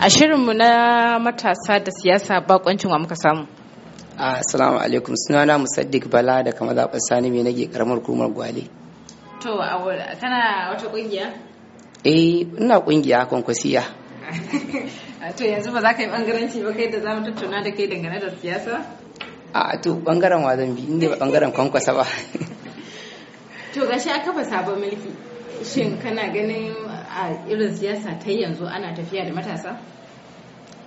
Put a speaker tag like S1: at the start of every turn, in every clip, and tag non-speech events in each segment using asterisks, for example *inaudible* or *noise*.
S1: A
S2: shirinmu na matasa da siyasa bakoncin wa muka samu.
S1: Ah, assalamu alaikum sunana Musaddiq Bala da kama zaɓar Sani mai nage karamar hukumar Gwale.
S2: To, kana wata ƙungiya?
S1: Eh, ina ƙungiya kwankwasiya.
S2: *laughs* To yanzu ba za ka yi ɓangaranci ba kai da za mu tattauna da kai dangane da siyasa?
S1: A ah, to ɓangaren wa zan bi, inda ba ɓangaren kwankwasa ba. *laughs*
S2: to gashi a kafa sabon mulki shin kana ganin a irin siyasa ta yanzu ana tafiya da matasa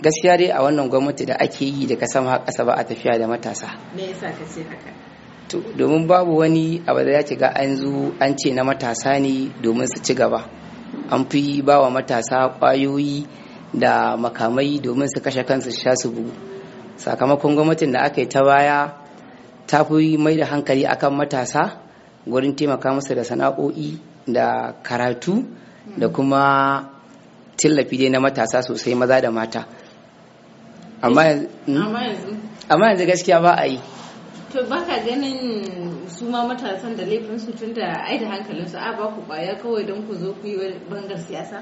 S1: gaskiya dai a wannan gwamnati da ake yi daga sama har kasa ba a tafiya da matasa
S2: me yasa ka ce haka
S1: domin babu wani abu da ya ce ga an zu an ce na matasa ne domin su ci gaba an fi ba wa matasa kwayoyi da makamai domin su kashe kansu sha su bugu sakamakon gwamnatin da aka yi ta baya ta fi mai da hankali akan matasa gurin taimaka masa da sana'o'i da karatu da kuma tallafi dai na matasa sosai maza da mata amma eh,
S2: hmm?
S1: yanzu gaskiya ba a yi
S2: to baka ganin su ma matasan da laifin su tun da ai da hankalin su a ba ku baya kawai don ku zo ku yi bangar siyasa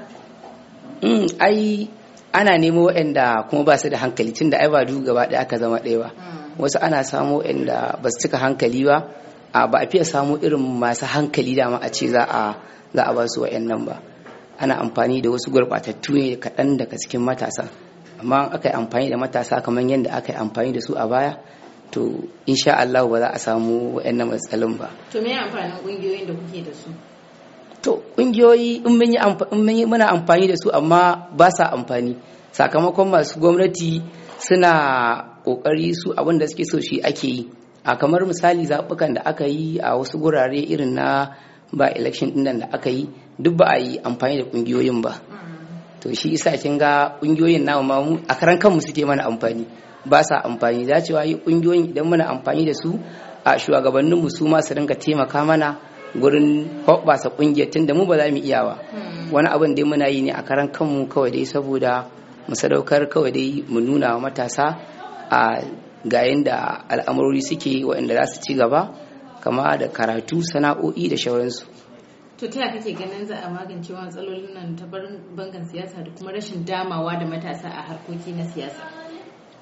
S1: hmm, ai ana nemo waɗanda kuma ba su da hankali tun da ai ba du gaba ɗaya aka zama ɗaya ba hmm. wasu ana samo waɗanda ba su cika hankali ba ba a fiye samu irin masu hankali dama a ce za a za a ba su wa'annan ba ana amfani da wasu gurbatattu ne kaɗan daga cikin matasa amma aka yi amfani da matasa kamar yadda aka yi amfani da su a baya to insha Allah ba za a samu wa'annan matsalin ba
S2: to me amfanin kungiyoyin da kuke da su
S1: to ƙungiyoyi in mun yi muna amfani da su amma ba sa amfani sakamakon masu gwamnati suna kokari su abin da suke so shi ake yi a kamar misali zaɓukan da aka yi a wasu gurare irin na ba election ɗin da aka yi duk ba a yi amfani da ƙungiyoyin ba to shi isa kin ga ƙungiyoyin namu ma a karan kanmu suke mana amfani ba sa amfani za cewa yi ƙungiyoyin idan muna amfani da su a shugabanninmu su ma su rinka taimaka mana gurin hoɓɓasa ƙungiyar tun da mu ba za mu iya ba wani abin dai muna yi ne a karan kanmu kawai dai saboda mu sadaukar kawai dai mu nuna wa matasa a ga yadda al'amurori suke waɗanda za su ci gaba kama da karatu sana'o'i da shawararsu.
S2: to ta kake ganin za a magance matsalolin nan ta bangan siyasa da kuma rashin damawa da matasa a harkoki na siyasa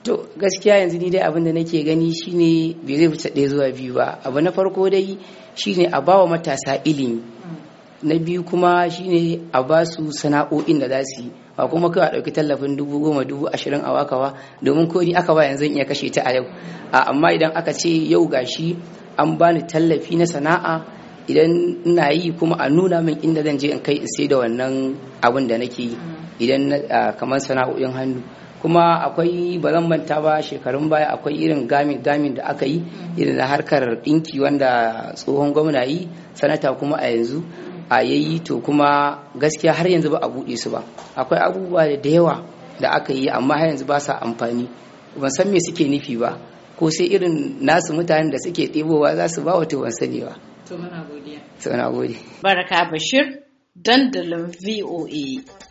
S1: to gaskiya yanzu ni dai abin da nake gani shine bai zai fita ɗaya zuwa biyu ba abu na farko dai shine a ba wa matasa ilimi hmm. na biyu kuma shine a ba su sana'o'in da za su yi ba kuma kawai a ɗauki tallafin dubu goma dubu ashirin a wakawa domin ko ni aka ba yanzu iya kashe ta a yau amma idan aka ce yau gashi an bani tallafi na sana'a idan ina yi kuma a nuna min inda zan je in kai in sai da wannan abin da nake yi idan kamar sana'o'in hannu kuma akwai ba zan manta ba shekarun baya akwai irin gamin gamin da aka yi irin na harkar ɗinki wanda tsohon gwamna yi sanata kuma a yanzu a yayi to kuma gaskiya har yanzu ba a buɗe su ba akwai abubuwa da yawa da aka yi amma har yanzu ba sa amfani ban san me suke nufi ba ko sai irin nasu mutanen da suke ɗebowa za su ba wata ban sani ba
S2: to muna godiya to muna godiya baraka bashir dandalin voa